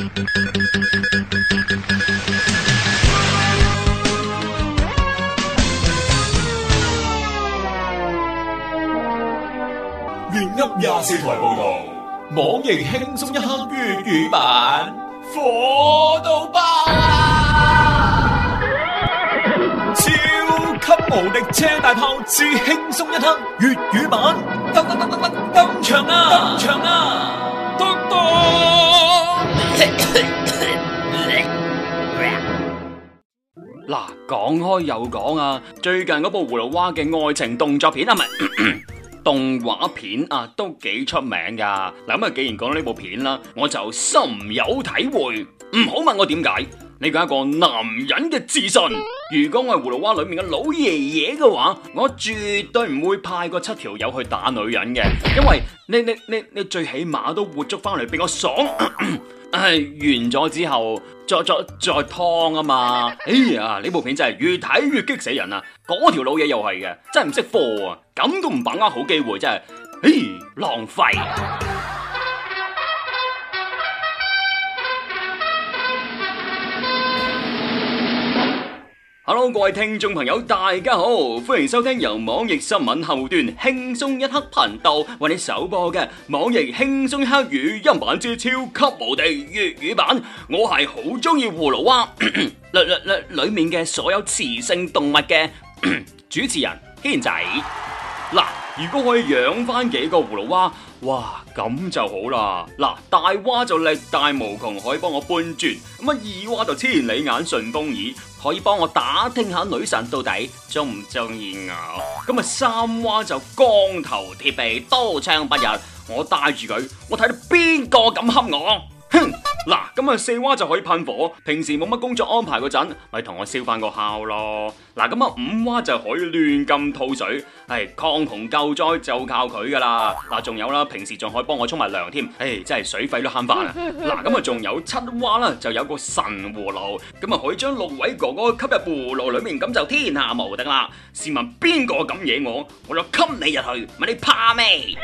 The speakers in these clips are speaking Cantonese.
粵音廿四台報道，網易輕鬆一刻粵語版，火到爆啊！ 超級無敵車大炮，至輕鬆一刻粵語版，登登登登噔登場啊！登場啊！咚咚。嗱，講開又講啊，最近嗰部《葫蘆娃》嘅愛情動作片啊，咪係動畫片啊，都幾出名噶。嗱，咁啊，既然講到呢部片啦，我就深有體會。唔好問我點解，你講一個男人嘅自信。如果我係葫蘆娃裏面嘅老爺爺嘅話，我絕對唔會派個七條友去打女人嘅，因為你你你你最起碼都活捉翻嚟俾我爽。咳咳係完咗之後，再再再燙啊嘛！哎呀，呢部片真係越睇越激死人啊！嗰條老嘢又係嘅，真係唔識貨啊！咁都唔把握好機會，真係，嘿、哎，浪費。hello，各位聽眾朋友，大家好，歡迎收聽由網易新聞後段輕鬆一刻頻道為你首播嘅網易輕鬆一刻語音版之超級無敵粵語版。我係好中意葫蘆娃咳咳，裏裏面嘅所有雌性動物嘅咳咳主持人軒仔。嗱，如果可以養翻幾個葫蘆娃。哇，咁就好啦！嗱，大娃就力大無窮，可以幫我搬磚；咁啊二娃就千里眼順風耳，可以幫我打聽下女神到底中唔中意我；咁啊三娃就光頭鐵臂，刀槍不入。我帶住佢，我睇到邊個咁恰我！哼。嗱、啊，咁啊四娃就可以噴火，平時冇乜工作安排嗰陣，咪同我燒翻個烤咯。嗱、啊，咁啊五娃就可以亂咁吐水，係、哎、抗洪救災就靠佢噶啦。嗱、啊，仲有啦，平時仲可以幫我沖埋涼添，唉、哎，真係水費都慳翻 啊。嗱，咁啊仲有七娃啦，就有個神葫蘆，咁啊可以將六位哥哥吸入葫蘆裏面，咁就天下無敵啦。試問邊個敢惹我？我就吸你入去，咪你怕未？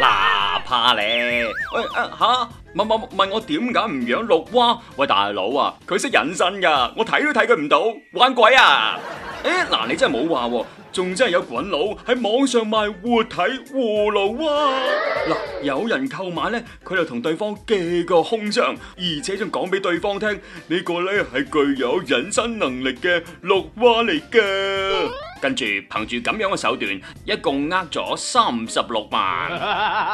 嗱、 啊，怕你？喂，吓、啊？問問問我點解唔養綠娃？喂，大佬啊，佢識隱身㗎，我睇都睇佢唔到，玩鬼啊！誒、欸，嗱你真係冇話、啊，仲真係有滾佬喺網上賣活體葫蘆娃。嗱，有人購買咧，佢就同對方寄個空箱，而且仲講俾對方聽、這個、呢個咧係具有隱身能力嘅綠娃嚟嘅。跟住憑住咁樣嘅手段，一共呃咗三十六萬。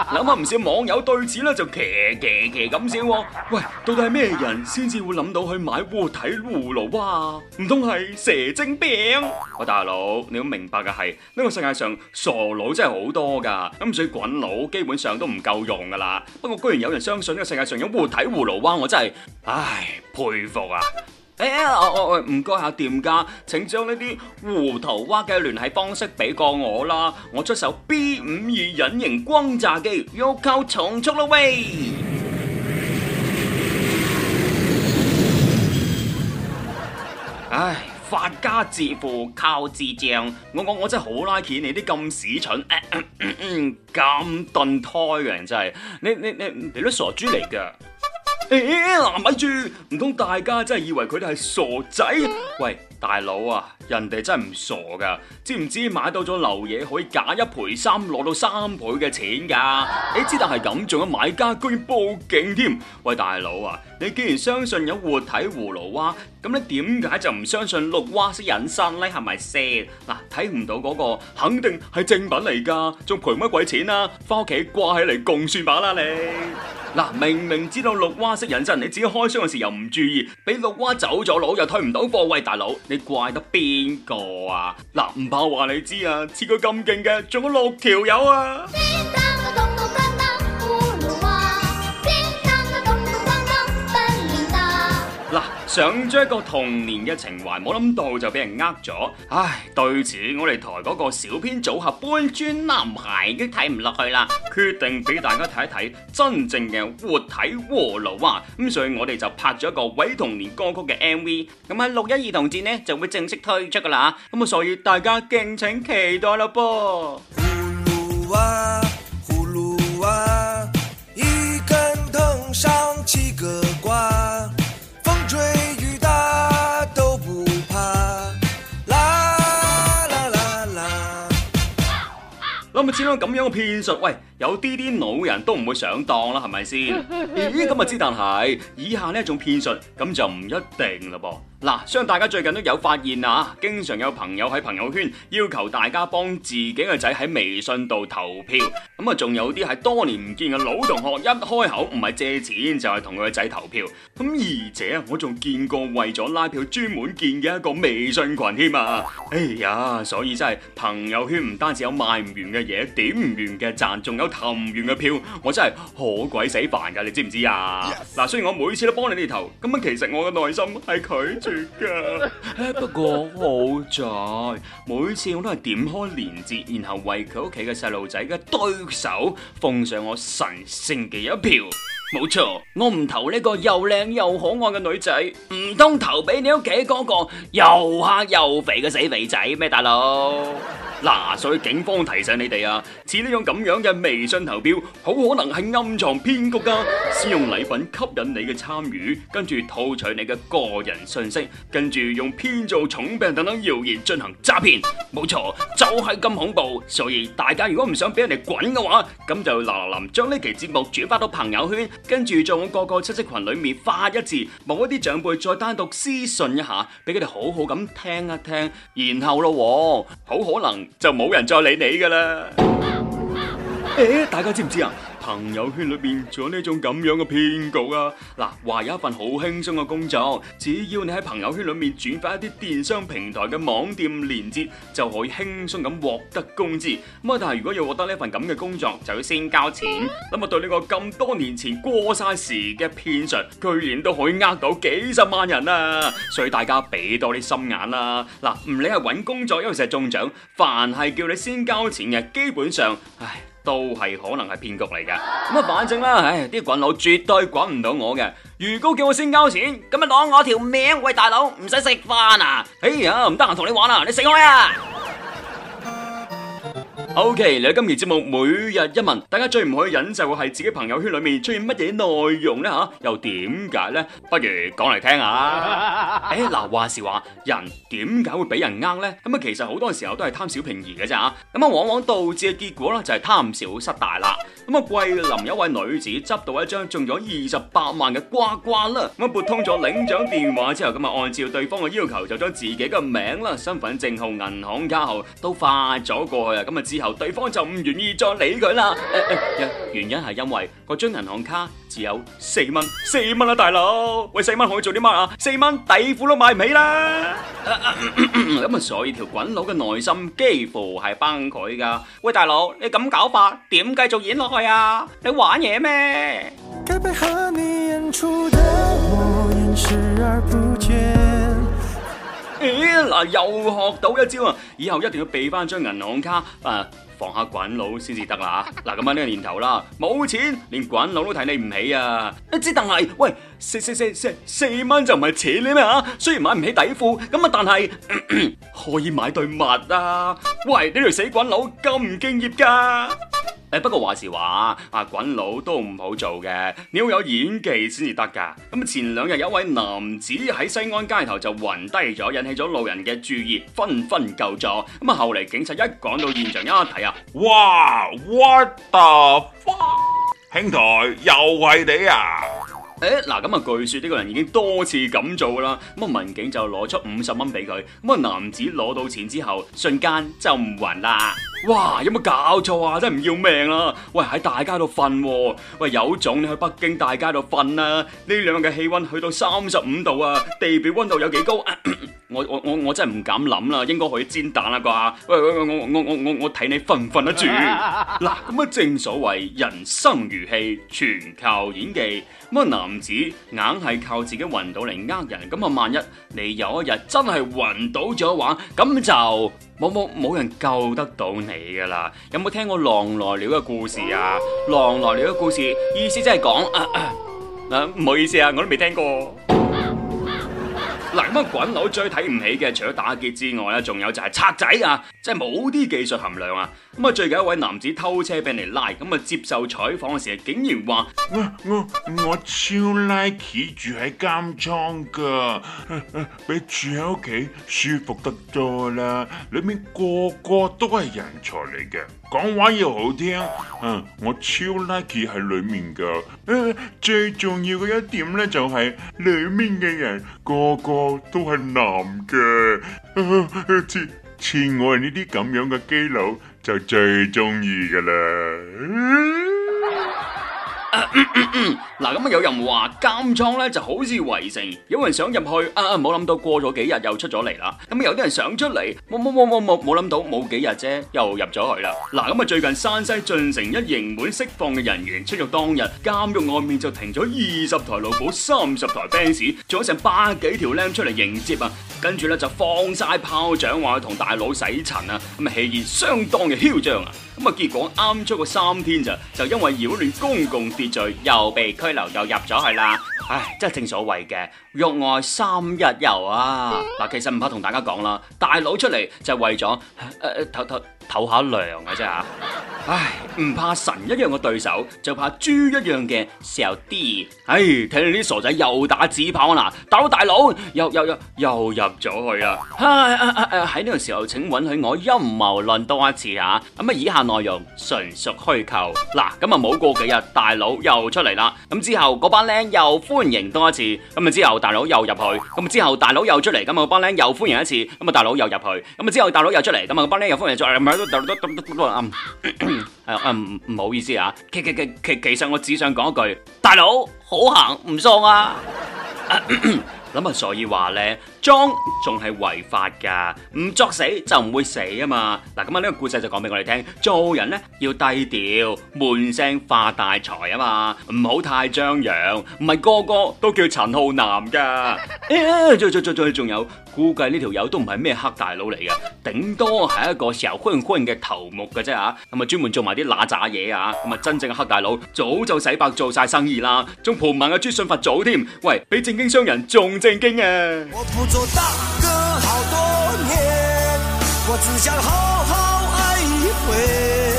諗下唔少網友對此咧就騎騎騎咁笑、哦。喂，到底係咩人先至會諗到去買活體葫蘆娃、啊？唔通係蛇精病？我、 哎、大佬，你要明白嘅係呢個世界上傻佬真係好多噶，咁所以滾佬基本上都唔夠用噶啦。不過居然有人相信呢個世界上有活體葫蘆娃、啊，我真係唉，佩服啊！誒、hey, oh, oh, oh, oh，唔該下店家，請將呢啲葫蘆娃嘅聯繫方式俾過我啦，我出手 B 五二隱形轟炸機，要靠重速咯喂！ 唉，發家致富靠智障，我我我真係好拉氣，你啲咁屎蠢，咁燉胎嘅人真係，你你你你都傻豬嚟噶！咦、欸，嗱，咪住！唔通大家真係以為佢哋係傻仔，欸？喂，大佬啊！人哋真係唔傻噶知唔知道買到咗流嘢可以假一賠三，攞到三倍嘅錢噶？你知道係咁，仲有買家居報警添？喂，大佬啊，你既然相信有活體葫蘆娃，咁你點解就唔相信綠蛙式隱身呢？係咪先？嗱、那個，睇唔到嗰個肯定係正品嚟噶，仲賠乜鬼錢啊？翻屋企掛起嚟共算把啦你。嗱， 明明知道綠蛙式隱身，你自己開箱嘅時候又唔注意，俾綠蛙走咗佬又退唔到貨。喂，大佬，你怪得邊？邊個啊？嗱，唔怕話你知啊，似佢咁勁嘅，仲有六條友啊！想咗一個童年嘅情懷，冇諗到就俾人呃咗，唉！對此我哋台嗰個小編組合搬磚男孩已經睇唔落去啦，決定俾大家睇一睇真正嘅活體葫蘆娃啊！咁所以我哋就拍咗一個毀童年歌曲嘅 MV，咁喺六一兒童節呢就會正式推出噶啦，咁啊所以大家敬請期待啦噃。嗯嗯只咁樣嘅騙術，喂，有啲啲老人都唔會上當啦，係咪先？咦，咁啊知，但係以下呢一種騙術，咁就唔一定嘞噃。嗱，相信大家最近都有發現啊，經常有朋友喺朋友圈要求大家幫自己嘅仔喺微信度投票，咁啊，仲有啲係多年唔見嘅老同學，一開口唔係借錢就係同佢嘅仔投票，咁而且我仲見過為咗拉票專門建嘅一個微信群添啊，哎呀，所以真係朋友圈唔單止有賣唔完嘅嘢、點唔完嘅讚，仲有投唔完嘅票，我真係好鬼死煩噶，你知唔知啊？嗱、yes.，雖然我每次都幫你哋投，咁樣其實我嘅內心係佢。 不過我好在每次我都係點開連接，然後為佢屋企嘅細路仔嘅對手奉上我神聖嘅一票。冇錯，我唔投呢個又靚又可愛嘅女仔，唔通投俾你屋企嗰個又黑又肥嘅死肥仔咩？大佬？嗱、啊，所以警方提醒你哋啊，似呢種咁樣嘅微信投票，好可能係暗藏騙局噶。先用禮品吸引你嘅參與，跟住套取你嘅個人信息，跟住用編造重病等等謠言進行詐騙。冇錯，就係、是、咁恐怖。所以大家如果唔想俾人哋滾嘅話，咁就嗱嗱臨將呢期節目轉發到朋友圈，跟住再往各個親戚群裏面發一次，望一啲長輩再單獨私信一下，俾佢哋好好咁聽一聽，然後咯，好可能。就冇人再理你噶啦！誒、哎，大家知唔知啊？朋友圈裏面仲有呢種咁樣嘅騙局啊！嗱，話有一份好輕鬆嘅工作，只要你喺朋友圈裏面轉發一啲電商平台嘅網店鏈接，就可以輕鬆咁獲得工資。乜？但係如果要獲得呢份咁嘅工作，就要先交錢。咁、嗯、啊，麼對呢個咁多年前過晒時嘅騙子，居然都可以呃到幾十萬人啊！所以大家俾多啲心眼啦！嗱，唔理係揾工作，因為成日中獎，凡係叫你先交錢嘅，基本上，唉。都係可能係騙局嚟嘅。咁啊反正啦，唉，啲滾佬絕對滾唔到我嘅。如果叫我先交錢，咁啊攞我條命。喂，大佬，唔使食飯啊！哎呀，唔得閒同你玩啦、啊，你食開啊！O K，嚟到今期節目每日一問，大家最唔可以忍受嘅係自己朋友圈裏面出現乜嘢內容呢吓，又點解呢？不如講嚟聽下。誒、 哎，嗱，話時話人點解會俾人呃呢？咁啊，其實好多時候都係貪小便宜嘅啫啊！咁啊，往往導致嘅結果呢，就係貪小失大啦。咁啊，桂林有位女子執到一張中咗二十八萬嘅刮刮啦，咁啊撥通咗領獎電話之後，咁啊按照對方嘅要求就將自己嘅名啦、身份證號、銀行卡號都發咗過去啊，咁啊之後。對方就唔願意再理佢啦。原因係因為嗰張銀行卡只有四蚊，四蚊啊，大佬，喂，四蚊可以做啲乜啊？四蚊底褲都買唔起啦。咁啊，所以條滾佬嘅內心幾乎係崩潰噶。喂，大佬，你咁搞法，點繼續演落去啊？你玩嘢咩？又學到一招啊！以後一定要備翻張銀行卡啊！防下滾佬先至得啦！嗱，咁啊呢個年頭啦，冇錢連滾佬都睇你唔起啊！之但係喂，四四四四四蚊就唔係錢你咩吓？雖然買唔起底褲，咁啊但係可以買對襪啊！喂，你條死滾佬咁唔敬業噶！誒，不過話時話啊，滾佬都唔好做嘅，你要有演技先至得噶。咁前兩日有一位男子喺西安街頭就暈低咗，引起咗路人嘅注意，紛紛救助。咁啊後嚟警察一趕到現場一睇哇！What the fuck？兄台又係你啊？誒、哎，嗱，咁啊，據說呢個人已經多次咁做啦。咁民警就攞出五十蚊俾佢。咁啊，男子攞到錢之後，瞬間就唔暈啦。哇！有冇搞錯啊？真係唔要命啊！喂，喺大街度瞓啊？喂，有種你去北京大街度瞓啊！呢兩日嘅氣溫去到三十五度啊，地表溫度有幾高？我我我我真係唔敢諗啦，應該可以煎蛋啦啩？喂喂喂，我我我我我睇你瞓唔瞓得住？嗱，咁啊，正所謂人生如戲，全靠演技。咁乜男子硬係靠自己暈到嚟呃人？咁啊，萬一你有一日真係暈倒咗嘅話，咁就～冇冇冇人救得到你噶啦！有冇聽過狼來了嘅故事啊？狼來了嘅故事意思即係講啊，啊、唔好意思啊，我都未聽過。嗱，咁滾佬最睇唔起嘅，除咗打劫之外咧，仲有就係賊仔啊！即係冇啲技術含量啊！咁啊，最近一位男子偷車俾人拉，咁啊，接受採訪嘅時候竟然話：我我我超 like 住喺監倉㗎， 比住喺屋企舒服得多啦！裏面個個都係人才嚟嘅。講話又好聽，嗯，我超 like 喺裏面噶，啊，最重要嘅一點咧就係、是、裏面嘅人個個都係男嘅，似、啊、似我呢啲咁樣嘅基佬就最中意噶啦。嗯嗱、啊，咁、嗯、啊、嗯嗯、有人話監倉咧就好似圍城，有人想入去啊，冇諗到過咗幾日又出咗嚟啦。咁啊有啲人想出嚟，冇冇冇冇冇冇諗到冇幾日啫，又入咗去啦。嗱、啊，咁啊最近山西晉城一營滿釋放嘅人員出獄當日，監獄外面就停咗二十台路虎、三十台奔馳，仲有成百幾條靚出嚟迎接啊。跟住咧就放晒炮仗，話同大佬洗塵啊，咁啊氣焰相當嘅囂張啊。咁啊結果啱出過三天就就因為擾亂公共。秩序又被拘留又入咗去啦，唉，真係正所謂嘅獄外三日遊啊！嗱，其實唔怕同大家講啦，大佬出嚟就係為咗誒誒，頭頭。唞下涼呀啫嚇，唉，唔怕神一樣嘅對手，就怕豬一樣嘅射 D，唉，睇你啲傻仔又打紙炮啦，大佬大佬又又又又入咗去啦，喺呢個時候請允許我陰謀論多一次嚇，咁啊以下內容純屬虛構，嗱，咁啊冇過幾日，大佬又出嚟啦，咁之後嗰班僆又歡迎多一次，咁啊之後大佬又入去，咁之後大佬又出嚟，咁啊班僆又歡迎一次，咁啊大佬又入去，咁啊之後大佬又出嚟，咁啊班僆又歡迎再嗯，唔、嗯、好意思啊，其其其其實我只想講一句，大佬好行唔送啊，咁啊、嗯嗯，所以話咧。裝仲係違法噶，唔作死就唔會死啊嘛！嗱，咁啊呢個故事就講俾我哋聽，做人咧要低調，悶聲發大財啊嘛，唔好太張揚，唔係個個都叫陳浩南噶。仲有仲有仲有，估計呢條友都唔係咩黑大佬嚟嘅，頂多係一個石油坤坤嘅頭目嘅啫吓，咁啊專門做埋啲乸渣嘢啊，咁啊真正嘅黑大佬早就洗白做晒生意啦，仲盤埋阿朱信佛祖添，喂，比正經商人仲正經啊！ 做大哥好多年。我只想好好愛一回。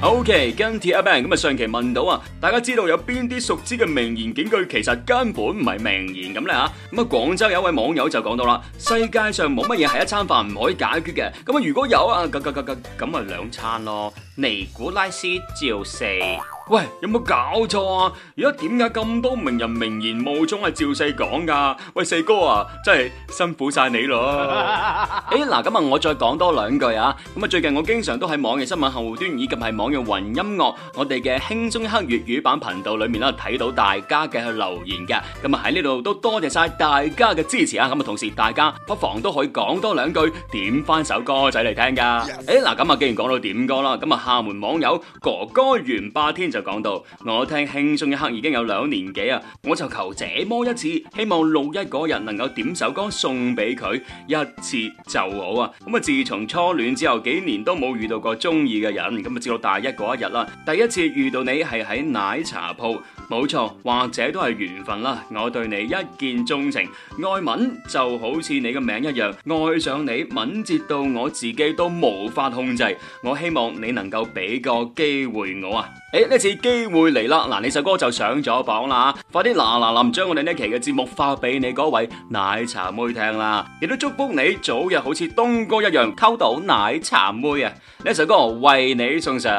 OK，跟貼阿 Ben，咁啊上期問到啊，大家知道有邊啲熟知嘅名言警句，其實根本唔係名言咁咧吓。咁啊，廣州有一位網友就講到啦，世界上冇乜嘢係一餐飯唔可以解決嘅。咁啊，如果有啊，咁咁咁咁，咁啊兩餐咯。尼古拉斯·趙四。喂，有冇搞錯啊？而家點解咁多名人名言冒充係趙四講噶？喂，四哥啊，真係辛苦晒你咯！誒、 哎，嗱，咁啊，我再講多兩句啊。咁啊，最近我經常都喺網易新聞客戶端以及係網易雲音樂我哋嘅輕鬆黑粵語版頻道裏面啦睇到大家嘅留言嘅。咁啊喺呢度都多謝晒大家嘅支持啊。咁啊，同時大家不妨都可以講多兩句，點翻首歌仔嚟聽噶。誒、yes. 哎，嗱，咁啊，既然講到點歌啦，咁啊，廈門網友哥哥元霸天就就講到我聽輕鬆一刻已經有兩年幾啊，我就求這麼一次，希望六一嗰日能夠點首歌送俾佢一次就好啊。咁啊，自從初戀之後幾年都冇遇到過中意嘅人，咁啊，直到大一嗰一日啦，第一次遇到你係喺奶茶鋪，冇錯，或者都係緣分啦。我對你一見鍾情，愛敏就好似你嘅名一樣，愛上你敏捷到我自己都無法控制。我希望你能夠俾個機會我啊，誒、欸、呢次。機會嚟啦！嗱，呢首歌就上咗榜啦，快啲嗱嗱臨將我哋呢期嘅節目發俾你嗰位奶茶妹聽啦！亦都祝福你早日好似東哥一樣溝到奶茶妹啊！呢首歌為你送上。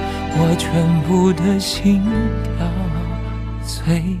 我全部的心跳，最。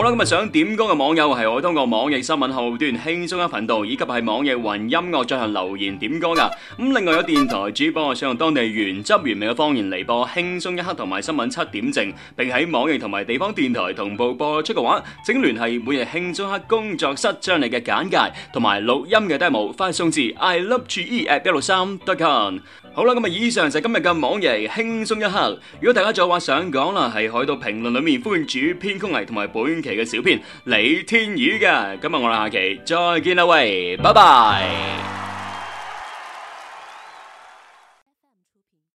好啦，今日想點歌嘅網友係可以通過網易新聞客戶端輕鬆一頻道以及係網易雲音樂進行留言點歌噶。咁另外有電台主播想用當地原汁原味嘅方言嚟播輕鬆一刻同埋新聞七點正，並喺網易同埋地方電台同步播出嘅話，請聯繫每日輕鬆一刻工作室將你嘅簡介同埋錄音嘅 demo 發送至 i love g e at 163 dot com。好啦，咁啊，以上就是今日嘅網易輕鬆一刻。如果大家再有話想講啦，係喺度評論裏面歡迎主編曲藝同埋本期嘅小編李天宇嘅。今日我哋下期再見啦，喂，拜拜。